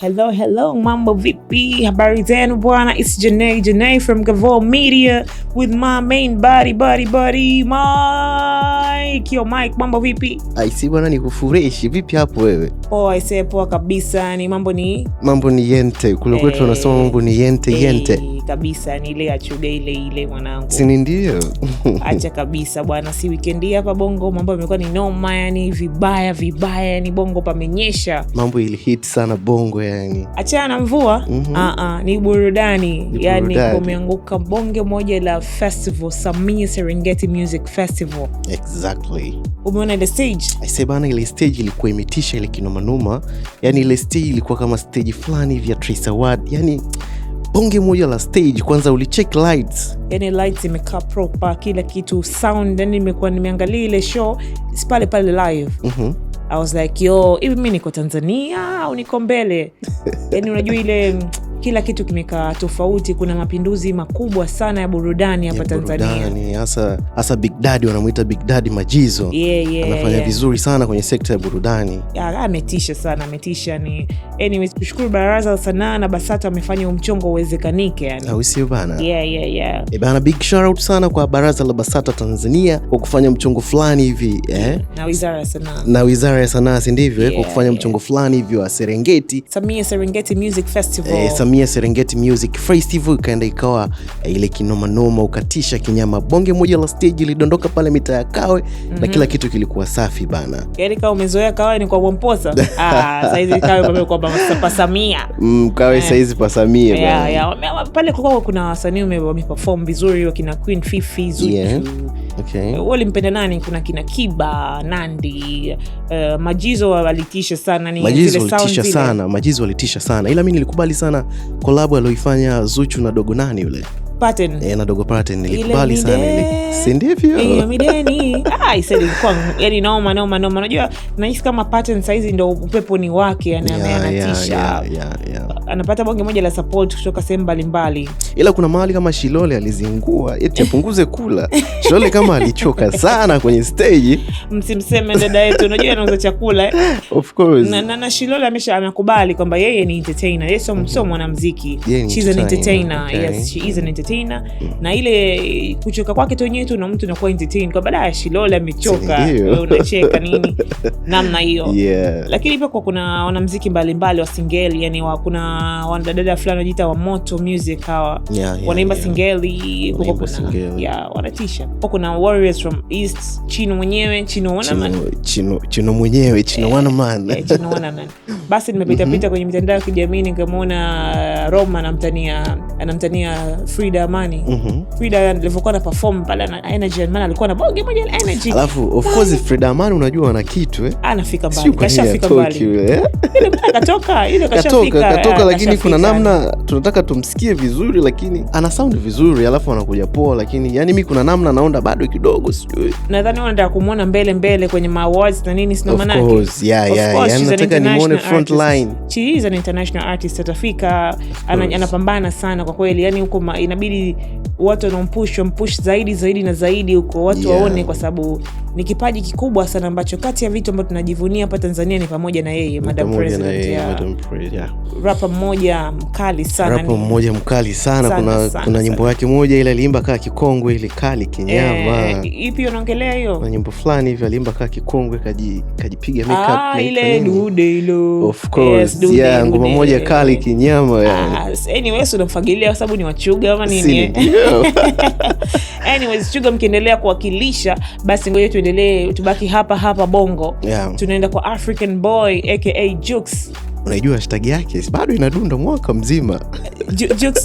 Hello, hello, mambo vipi? Habari zenu bwana, it's Janae Janae from Gavoo Media with my main body body body Mike. Yo Mike, mambo vipi? Aisi bwana, ni kufureshi vipi hapo wewe? Oh, aisee poa kabisa. Ni mambo ni mambo ni yente kule kwetu hey. Wanasema eh. mambo ni yente hey. Eh. yente kabisa, ni ile achuga ile ile mwanangu, si ndio? Acha kabisa bwana, si wikendi hapa Bongo mambo yamekuwa ni noma, yani vibaya vibaya, yani Bongo pamenyesha, mambo ilihit sana Bongo, yani achana na mvua mm -hmm. A ah, -a, ah, ni burudani, yani kumeanguka bonge moja la festival Samia Serengeti Music Festival. Exactly. Umeona ile stage? I say bana, ile stage ilikuwa imetisha ile kinomanuma yani ile stage ilikuwa kama stage fulani vya Trace Award, yani bonge moja la stage. Kwanza ulicheck lights, yani lights imekaa proper, kila kitu sound, yani nimekuwa nimeangalia ile show pale pale live mm -hmm. I was like yo, hivi mi niko Tanzania au niko mbele? Yani unajua ile kila kitu kimekaa tofauti. Kuna mapinduzi makubwa sana ya burudani hapa Tanzania, hasa Big Daddy, wanamwita Big Daddy Majizo. yeah, yeah, anafanya yeah. vizuri sana kwenye sekta ya burudani, ametisha sana, ametisha ni anyways, tushukuru Baraza la Sanaa na BASATA wamefanya umchongo uwezekanike yani. au sio bana? yeah, yeah, yeah. E bana, big shout out sana kwa Baraza la BASATA Tanzania kwa kufanya mchongo fulani hivi eh? na Wizara ya Sanaa na Wizara ya Sanaa, si ndivyo? Eh? yeah, kwa kufanya yeah. mchongo fulani hivi wa Serengeti, Samia Serengeti Music Festival eh, ikavamia Serengeti Music Festival, ikaenda ikawa eh, ile kinomanoma, ukatisha kinyama, bonge moja la stage ilidondoka pale mitaa ya Kawe mm -hmm. na mhm. kila kitu kilikuwa safi bana, yani kama umezoea Kawe ni kwa Mwamposa ah, saizi Kawe pamekuwa Samia mm, Kawe eh. saizi pa Samia yeah, yeah. pale kwa kuna wasanii wameperform vizuri wakina Queen Fifi zuri yeah okay. Eh, Walimpenda nani? Kuna kina Kiba, Nandi, uh, Majizo walitisha sana, ni Majizo walitisha sana, Majizo walitisha sana, ila mi nilikubali sana kolabu alioifanya Zuchu na Dogo Nani yule Eh, dogo nilikubali sana ile, si ndivyo? Eh, hiyo mideni ah, yani noma noma noma. Unajua nahisi kama pattern saizi ndo upepo ni wake, yani anatisha. yeah, yeah, yeah, yeah. Anapata bonge moja la support kutoka sehemu mbalimbali, ila kuna mahali kama Shilole alizingua eti apunguze kula. Shilole kama alichoka sana kwenye steji msimseme dada yetu, unajua anauza chakula of course, na, na, na Shilole amesha anakubali kwamba yeye ni entertainer, yeye sio mwanamuziki, she's yeah, entertainer, mm. na ile kuchoka kwake tu wenyewe tu na mtu nakuwa entertain kwa baada ya Shilola amechoka unacheka nini namna hiyo yeah. Lakini pia kwa kuna wanamziki mbalimbali wa singeli yani wa, kuna wanadada fulani wanajiita wa moto music hawa yeah, yeah, wanaimba yeah. singeli huko kuna singeli. Yeah, wanatisha kwa kuna warriors from east Chino mwenyewe Chino wana man Chino Chino mwenyewe Chino eh, wana man eh, Chino wana man basi nimepita pita mhm. kwenye mitandao ya kijamii nikamwona Roma anamtania anamtania Frida Amani. mm -hmm. Frida alivyokuwa na perform pale na energy, and man alikuwa na bonge moja la energy, alafu of course Frida Amani unajua ana kitu eh, anafika mbali, kashafika mbali eh? ile katoka ile kashafika katoka, eh, katoka lakini kuna namna tunataka tumsikie vizuri, lakini ana sound vizuri, alafu anakuja poa, lakini yani mimi kuna namna naonda bado kidogo, sijui nadhani wanataka kumuona mbele mbele kwenye ma awards na nini, sina maana yake, of course, yeah yeah, yani nataka nimuone front line, she is an international artist, atafika anapambana sana kwa kweli, yani huko inabidi watu wanampush wampush zaidi zaidi na zaidi huko watu yeah. waone kwa sababu ni kipaji kikubwa sana ambacho kati ya vitu ambavyo tunajivunia hapa Tanzania ni pamoja na yeye Madam President, yeye, Madam President yeah. Rapa mmoja mkali sana, rapa mmoja mkali sana, sana kuna, sana, kuna nyimbo yake moja ile aliimba kaa kikongwe ile kali kinyama. Eh, ipi unaongelea hiyo? Na nyimbo fulani hivi aliimba kaa kikongwe kaji kajipiga makeup ah, ile dude ile Of course, yes, yeah, ngoma moja kali kinyama ah, anyway unamfagilia kwa sababu ni wachuga ama nini? Anyways, Chuga mkiendelea kuwakilisha basi ngoja tuendelee, tubaki hapa hapa Bongo yeah. Tunaenda kwa African Boy aka Jux. Unaijua hashtag yake bado inadunda mwaka mzima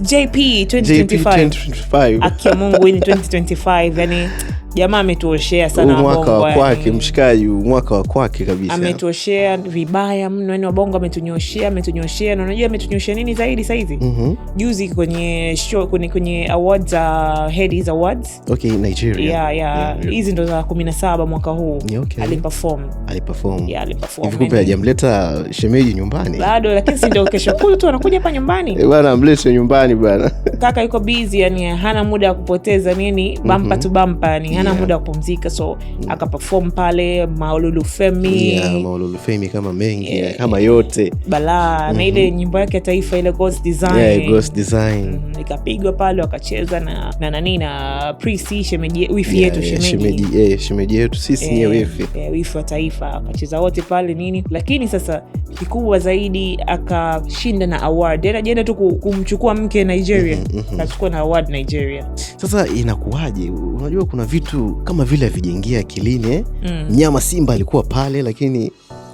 JP 2025 akia Mungu, hii 2025 yani jamaa ametuoshea sana mwaka wa kwake, mshikaji, mwaka wa kwake kabisa, ametuoshea vibaya mno, yani wabongo ametunyoshea, ametunyoshea na unajua ametunyoshea nini zaidi saizi mm -hmm. Juzi kwenye show, kwenye, kwenye awards, uh, Headies Awards. Okay, Nigeria. Yeah, yeah. Hizi ndo za 17 mwaka huu yeah, okay. Aliperform. Aliperform. Yeah, aliperform. Hivi kumbe yaani- hajamleta shemeji nyumbani bado, lakini si ndo kesho kutu anakuja hapa nyumbani eh, bwana, amlete nyumbani bwana. Kaka yuko busy yani hana muda wa kupoteza nini, bampa mm -hmm. tu bampa yani hana yeah. muda wa kupumzika so mm. akaperform pale maululufemi Femi yeah, Maululu kama mengi yeah. kama yote balaa mm -hmm. na mhm. ile nyimbo yake ya taifa ile Ghost Design, yeah, Ghost Design. Mm, ikapigwa pale wakacheza na na nani na Prisi shemeji wifi yetu yeah, shemeji yeah, eh, shemeji yetu sisi yeah, wifi yeah, wifi wa taifa wakacheza wote pale nini lakini sasa kikubwa zaidi akashinda na award yani ajenda tu kumchukua mke Nigeria mm-hmm, mm-hmm. kachukua na award Nigeria sasa inakuwaje unajua kuna vitu vitu kama vile havijingia akilini mm. Mnyama simba alikuwa pale, lakini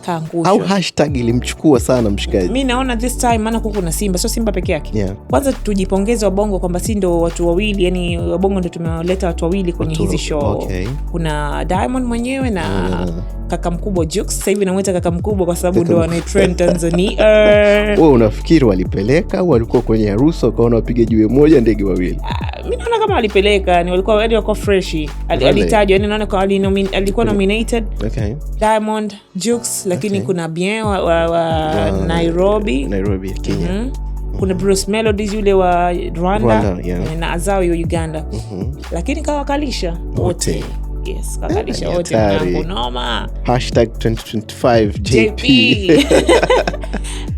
akaangushwa au hashtag ilimchukua sana mshikaji. Mi naona this time, maana kuku na Simba sio Simba peke yake yeah. Kwanza tujipongeze wabongo kwamba si ndo watu wawili, yani wabongo ndo tumewaleta watu wawili kwenye hizi show okay. Kuna Diamond mwenyewe na yeah kaka mkubwa Jux sasa hivi namwita kaka mkubwa kwa sababu ndo anaitrend Tanzania. Wewe unafikiri walipeleka au walikuwa kwenye harusi wakaona wapige jiwe moja ndege wawili? Uh, mi naona kama walipeleka, ni walikuwa yani walikuwa freshi, alitajwa yani naona alikuwa nominated Diamond Jux lakini okay. kuna bien wa, wa, wa uh, Nairobi, Nairobi Kenya. Mm -hmm kuna Bruce Melodies yule wa Rwanda, Rwanda yeah. Eh, na Azao yo Uganda mm -hmm. lakini kawakalisha wote yes, kawakalisha yaani wote noma. Hashtag 2025 JP.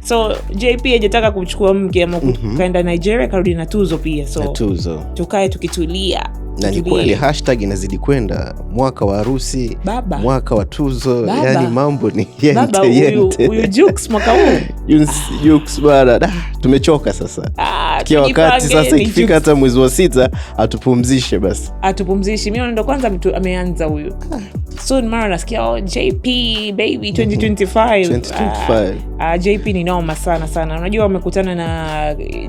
So JP ajataka kumchukua mke ama mm -hmm. kaenda Nigeria karudi na tuzo pia, so tukae tukitulia na ni kweli hashtag inazidi kwenda, mwaka wa harusi, mwaka wa tuzo, baba. yani mambo ni yente yente. Huyu tumechoka sasa. Ah, Kia wakati sasa ikifika hata mwezi wa sita atupumzishe basi, atupumzishe. Mimi ndo kwanza mtu ameanza huyu ah. soon, mara nasikia oh, JP baby 2025 mhm. 2025. Ah, ah JP ni noma sana sana. Unajua wamekutana na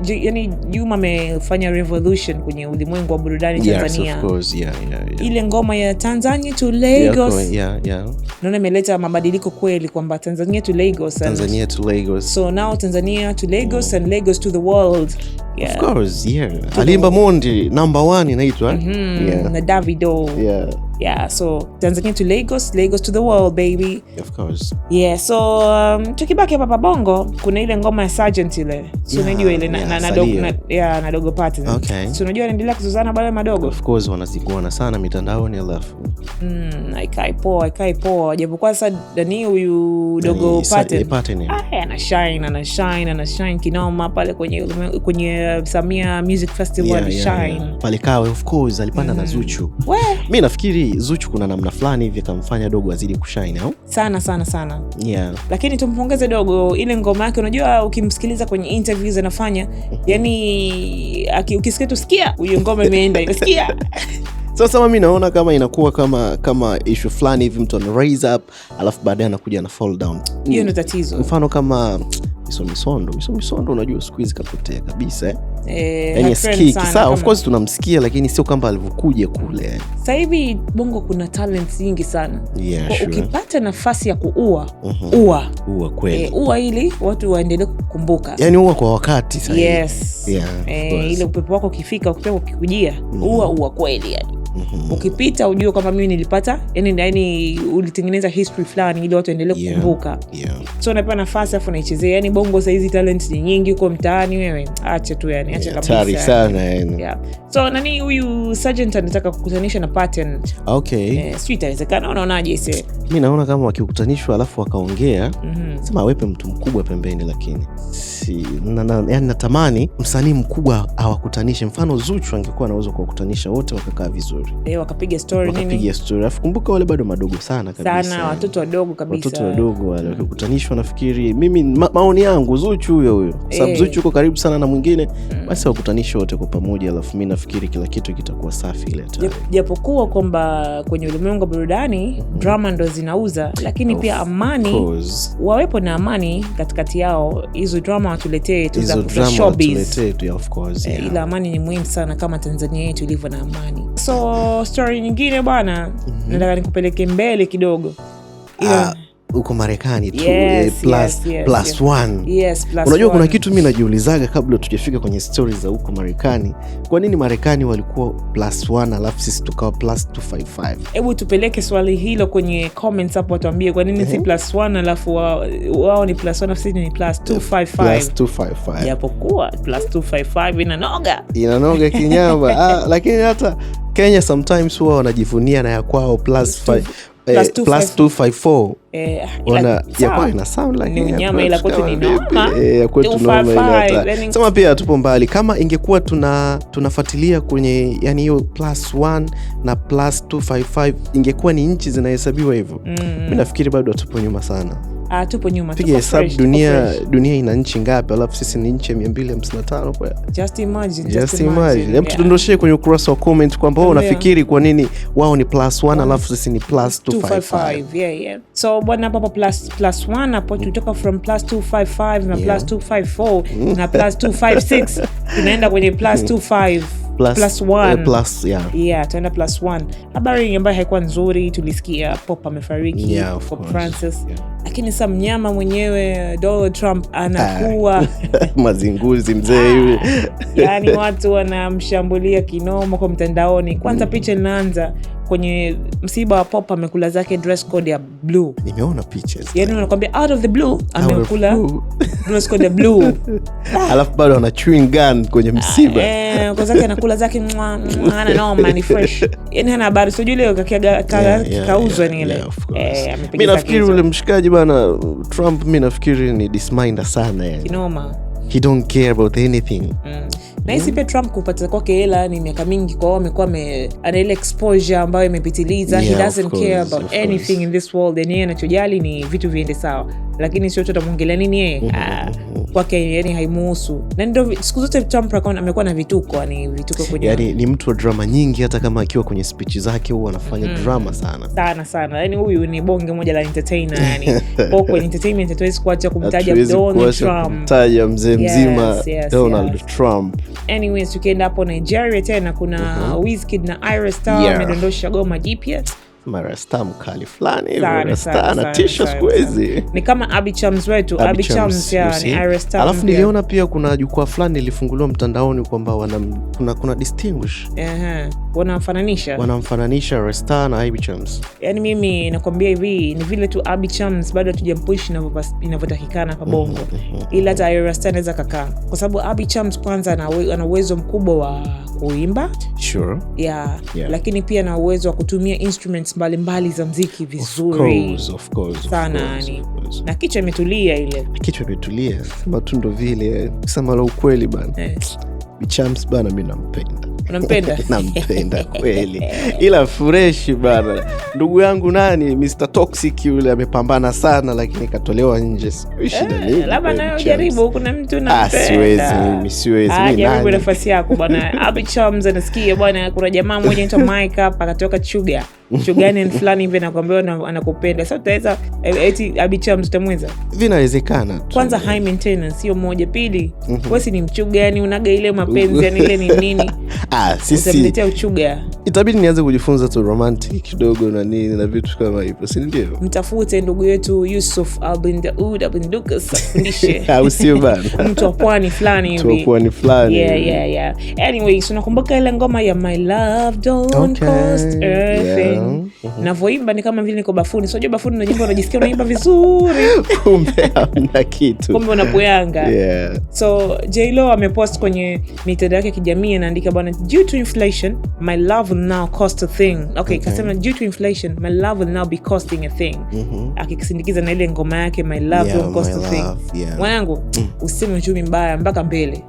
yani Juma amefanya revolution kwenye ulimwengu wa burudani Tanzania. yes, Tanzania. of course. Yeah, yeah, yeah. Ile ngoma ya Tanzania to Lagos. Yeah, yeah, yeah. Naona imeleta mabadiliko kweli kwamba Tanzania to Lagos. Tanzania to Lagos. So now Tanzania to Lagos and Lagos to the world. Yeah. Of course, yeah. Alimba Mondi number 1 inaitwa. Mm -hmm. Yeah. Na Davido. Yeah yeah so tanzania to lagos lagos to the world baby of course yeah so um, tukibaki hapa pabongo kuna ile ngoma ya sergeant ile si unajua ile na dogo pattern okay. si unajua anaendelea kuzuzana bale madogo of course wanazikuana sana mitandaoni alafu mm, aikai poa aikai poa japokuwa sasa dani huyu dogo eh, pattern ah, ana shine ana shine ana shine kinoma pale kwenye kwenye uh, samia music festival yeah, yeah, shine yeah. pale kawe of course alipanda mm. na hmm. zuchu we mi nafikiri Zuchu kuna namna fulani hivi kamfanya dogo azidi kushine au sana sana sana, yeah. Lakini tumpongeze dogo, ile ngoma yake, unajua ukimsikiliza kwenye interviews anafanya yani, ukisikia tusikia huyo ngoma imeenda inasikia Sasa mimi naona kama inakuwa kama kama issue fulani hivi, mtu ana raise up alafu baadaye anakuja na fall down. Hiyo ndo tatizo. Mfano kama Miso Misondo, Miso Misondo unajua siku hizi kapotea kabisa eh? E, sana, of course tunamsikia lakini sio kwamba alivyokuja kule. Sasa hivi Bongo kuna talent nyingi sana yeah, kwa sure. Ukipata nafasi ya kuua uh mhm. -huh. ua ua kweli e, ua ili watu waendelee kukumbuka, yani ua kwa wakati sasa yes. yeah, e, ile upepo wako ukifika ukipepo ukikujia mm -hmm. ua ua kweli yani Mm -hmm. Ukipita ujue kwamba mimi nilipata yani, yani ulitengeneza history fulani ili watu waendelee kukumbuka yeah. yeah. So napewa nafasi afu naichezea yani. Bongo saizi talent ni nyingi huko mtaani, wewe acha tu yani niache sana eh, So nani huyu sergeant anataka kukutanisha na Okay. Eh, itawezekana, unaonaje naona kama wakikutanishwa alafu wakaongea mm -hmm. Sema awepe mtu mkubwa pembeni, lakini si, na, na, yani natamani msanii mkubwa awakutanishe. Mfano Zuchu angekuwa anaweza kuwakutanisha wote wakakaa vizuri e, wakapiga story kumbuka wale bado madogo sana kabisa sana, watoto wadogo kabisa, wadogo wale mm. wakikutanishwa, nafikiri mimi ma, maoni yangu Zuchu huyo huyo kwa eh. Zuchu uko karibu sana na mwingine mm basi wakutanishe wote kwa pamoja, alafu mi nafikiri kila kitu kitakuwa safi ile time. Japokuwa kwamba kwenye ulimwengu wa burudani mm -hmm. drama ndo zinauza, lakini of pia amani course. wawepo na amani katikati yao. Hizo drama watuletee tu za showbiz, eh, ila amani ni muhimu sana kama Tanzania yetu ilivyo na amani. So story nyingine bwana, mm -hmm. nataka nikupeleke mbele kidogo ila uh, huko Marekani tu eh, plus, yes, yes, plus yes. One. Yes, plus unajua Kuna kitu mi najiulizaga kabla tujafika kwenye stori za huko Marekani, kwa nini Marekani walikuwa plus one alafu sisi tukawa plus 255? Hebu tupeleke swali hilo kwenye comments hapo, watuambie kwa nini uh si mhm. plus one alafu wao ni plus one sisi ni plus 255, japokuwa plus 255 inanoga inanoga kinyama ah, lakini hata Kenya sometimes huwa wanajivunia na ya kwao plus Eh, plus 254 eh, ah, eh, sema pia tupo mbali kama ingekuwa tuna tunafuatilia kwenye yani hiyo plus 1 na plus 255 ingekuwa ni nchi zinahesabiwa hivyo mm. mi nafikiri bado tupo nyuma sana uh, tupo nyuma, piga hesabu dunia, dunia ina nchi ngapi? Alafu sisi ni nchi ya 255 kwa just imagine, tudondoshee kwenye ukurasa wa comment kwamba wao unafikiri kwa nini wao ni plus 1 alafu sisi ni plus 255. Yeah, yeah. So bwana hapo plus plus 1 hapo mm. tulitoka from plus 255 na plus 254 mm. na plus 256 tunaenda kwenye plus 25 eh, tuenda plus one. Habari ambayo haikuwa nzuri tulisikia Pop amefariki, yeah, Pop Francis, yeah lakini sa mnyama mwenyewe uh, Donald Trump anakuwa mazinguzi mzee ah, yule yani watu wanamshambulia kinomo kwa mtandaoni. Kwanza mm. picha linaanza kwenye msiba wa Pop amekula zake dress code ya blue. Nimeona pictures. Yani unakwambia out of the blue amekula dress code ya blue. Alafu bado ana chewing gun kwenye msiba. Eh, kwa zake anakula zake mwa ana no money fresh. Yani hana habari sio yule kakia kauzwa ni ile. Eh, mimi nafikiri ule mshikaji bana Trump mimi nafikiri ni disminder sana yani. Kinoma. He don't care about anything. Mm. Nahisi mm. pia Trump kupata kwake hela ni miaka mingi kwao, amekuwa ana ile exposure ambayo imepitiliza. He doesn't care about anything in this world, yani yeye anachojali ni vitu viende sawa lakini sio atamwongelea nini yeye ah, kwake, yani haimuhusu. Na ndo siku zote Trump amekuwa na vituko, yani vituko kwenye, yani ni mtu wa drama nyingi, hata kama akiwa kwenye spichi zake huwa anafanya mm, drama sana sana sana. Yani huyu ni bonge moja la entertainer yani kwa kwenye entertainment hatuwezi kuacha kumtaja Donald Trump, kumtaja mzee mzima yes, yes, Donald yes. Trump. Anyways, tukienda hapo Nigeria tena kuna uh -huh. Wizkid na Star Starr amedondosha goma jipya marasta mkali fulani anatisha siku hizi, ni kama Abichams wetu Abichams. Alafu niliona pia kuna jukwaa fulani lilifunguliwa mtandaoni kwamba kuna, kuna distinguish uh -huh. wanamfananisha wanamfananisha Rasta na Abichams. Yani mimi nakwambia hivi ni vile tu Abichams bado hatujampush inavyotakikana kwa Bongo mm -hmm. ila hata Rasta anaweza kakaa, kwa kwa sababu Abichams kwanza ana uwezo mkubwa wa kuimba sure. yeah. Yeah. Lakini pia na uwezo wa kutumia instruments mbalimbali mbali za mziki vizuri sana, na kichwa imetulia, ile kichwa imetulia, sema tu ndo vile, sema la ukweli bana, eh. Bichams bana, mi nampenda unampenda? Nampenda kweli, ila fresh bana. Ndugu yangu nani, Mr Toxic yule amepambana sana, lakini katolewa nje. Sikuishi eh, labda nayo jaribu. Kuna mtu ah, nampenda, siwezi mimi, siwezi ah, mimi. nafasi yako bwana. Abi anasikia bwana, kuna jamaa mmoja anaitwa Mike akatoka Chuga shugani fulani hivi anakwambia anakupenda sa utaweza eti abicha mtamweza vinawezekana kwanza high maintenance hiyo moja pili mm-hmm. wesi ni mchuga yani unaga ile mapenzi yani ile ni nini ah, utamletea uchuga itabidi nianze kujifunza tu romantic kidogo na nini na vitu kama hivyo sindio mtafute ndugu yetu yusuf abin daud abin lukas afundishe bana mtu wa pwani fulani hivi pwani fulani yeah, yeah, yeah. anyways unakumbuka ile ngoma ya my love don't okay. cost everything yeah singing mm-hmm. navyoimba ni kama vile niko bafuni. So unajua bafuni unajimba unajisikia unaimba vizuri kumbe hamna kitu, kumbe unapoyanga yeah. So Jlo amepost kwenye mitandao yake ya kijamii anaandika bwana, due to inflation my love will now cost a thing okay, mm-hmm. kasema due to inflation my love will now be costing a thing mm-hmm. akikisindikiza na ile ngoma yake my love yeah, will cost a thing yeah. mwanangu, mm. useme uchumi mbaya mpaka mbele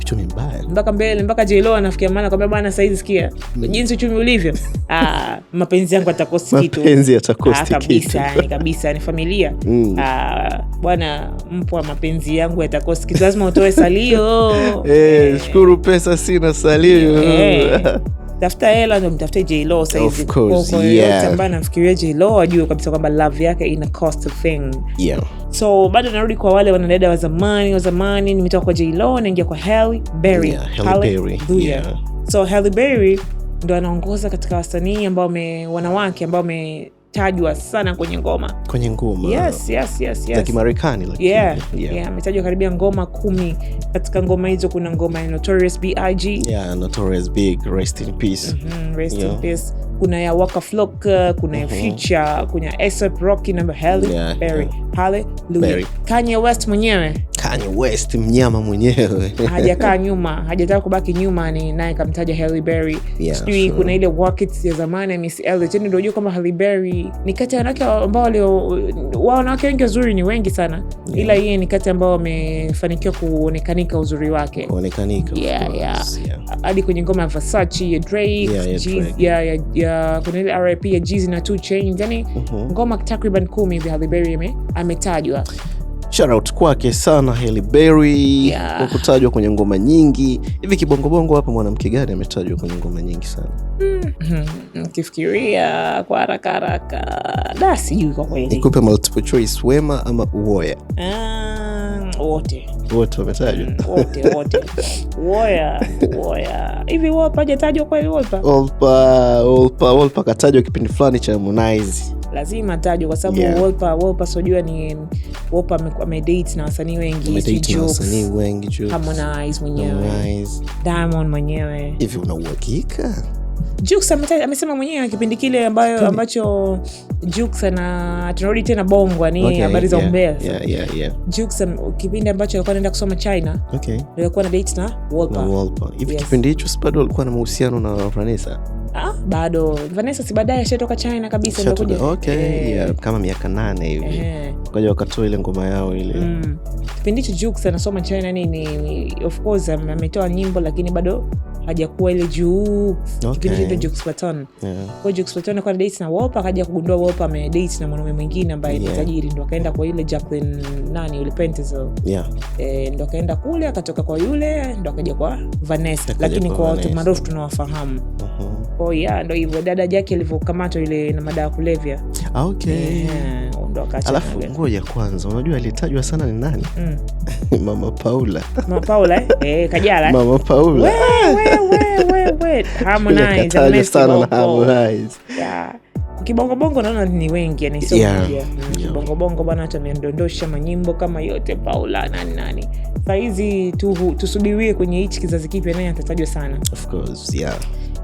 uchumi mbaya mpaka mbele mpaka Jelo anafikia, maana kwambia bwana, saizi sikia jinsi uchumi ulivyo. Ah, mapenzi yangu atakosi kitu, mapenzi atakosi ah, kitu kabisa, ni kabisa ni familia mm. Ah, bwana mpwa, mapenzi yangu atakosi kitu, lazima utoe salio. Eh, shukuru pesa sina salio. Eh, eh. tafuta hela ndo mtafute Jlo saizi, ambaye anamfikiria Jlo ajue kabisa kwamba love yake ina cost thing yeah. So bado narudi kwa wale wanadada wa zamani wa zamani, nimetoka kwa Jlo naingia kwa Halle yeah, yeah. So helbery ndo anaongoza katika wasanii ambao wanawake ambao ametajwa sana kwenye ngoma kwenye ngoma yes, yes, yes, yes. Kimarekani like yeah, yeah. yeah, ametajwa karibia ngoma kumi. Katika ngoma hizo kuna ngoma ya Notorious B.I.G. Yeah, Notorious Big, rest in peace. Mm -hmm, rest yeah. in peace. Kuna ya Waka Flock, kuna ya mm-hmm. Future, kuna ya Rocky na Halle Berry. Halle Berry. Kanye West mwenyewe Kanye West mnyama mwenyewe hajakaa nyuma, hajataka kubaki nyuma, ni naye kamtaja Halle Berry yeah, sijui sure. Kuna ile Rockets ya zamani ya Miss Elliot, yani ndio kama Halle Berry ni kati ya wanawake ambao walio wanawake wengi wazuri, ni wengi sana yeah. Ila yeye ni kati ambao wamefanikiwa kuonekanika uzuri wake kuonekanika, yeah, yeah. hadi kwenye ngoma ya Versace ya Drake, yeah, yeah, Drake. Ya, ya, ya, kuna ile RIP ya Jeezy na 2 Chainz yani uh mm-hmm. -huh. ngoma takriban kumi hivi Halle Berry ametajwa shout kwake sana heli Berry yeah, kwa kutajwa kwenye ngoma nyingi hivi kibongobongo. Hapa mwanamke gani ametajwa kwenye ngoma nyingi sana? Hmm, nikifikiria kwa haraka haraka, da, sijui kwa multiple choice, Wema ama uoya ah, Wote wote wametajwa, hmm, wote hivi, kweli? katajwa kipindi fulani cha Harmonize lazima tajwa kwa sababu yeah. ni Wolpa amedate na wasanii wengi, Harmonize mwenyewe, Diamond mwenyewe. Hivi una uhakika? Jux amesema mwenyewe kipindi kile ambayo ambacho Jux ana tunarudi tena Bongo ni habari okay, za yeah, umbea yeah, yeah, yeah. Jux kipindi ambacho alikuwa anaenda kusoma China okay. alikuwa na date na Wolper hivi yes. Kipindi hicho si bado alikuwa na mahusiano na Vanessa ah, bado Vanessa si baadaye ashatoka China kabisa ndio kuja. okay, eh, yeah, kama miaka nane hivi eh. Kaja wakatoa ile ngoma yao ile mm. Kipindi hicho Jux anasoma China nini, of course ametoa nyimbo lakini bado akajakuwa ile juu kipindi chaitwa Jux Platon yeah. na Wopa, akaja kugundua Wopa amedate na mwanaume mwingine ambaye ni tajiri, ndo akaenda kwa yule jacklin nani yule Pentzel yeah. e, ndo akaenda kule akatoka kwa yule, ndo akaja kwa Vanessa, lakini kwa watu maarufu tunawafahamu uh -huh kwao. Ya ndo hivyo dada jake alivyokamatwa ile na madawa kulevya. Ah, okay. Alafu ngoja kwanza, unajua alitajwa sana ni nani? Mm. Mama Paula. Mama Paula eh? eh, Kajala. Mama Paula. We, we, we, we, Harmonize. Yeah. Kibongobongo naona ni wengi yani, sio yeah. Mm, kibongobongo bwana, hata amedondosha manyimbo kama yote Paula nani nani. Sahizi tusubirie kwenye hichi kizazi kipya, naye atatajwa sana of course, yeah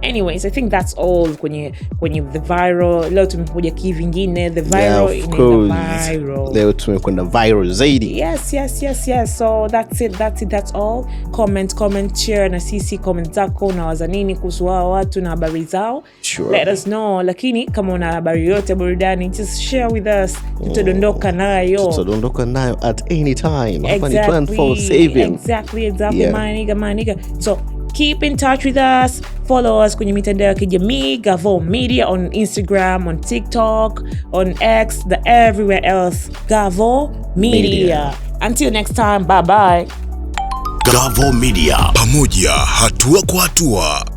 anyways i think that's all kwenye kwenye the viral leo tumekuja kivingine the viral yeah, viral leo tumekwenda viral zaidi yes yes yes yes so that's it that's it that's all comment comment share na sisi comment zako unawaza nini kuhusu hao watu na habari zao sure. let us know lakini kama una habari yote burudani just share with us tutadondoka mm. nayo tutadondoka nayo at any time exactly, exactly exactly yeah. maaniga maaniga so Keep in touch with us, follow us kwenye mitandao ya kijamii gavo Media on Instagram, on TikTok, on X, the everywhere else gavo Media. Media. Until next time, byby gavo Media, pamoja hatua kwa hatua.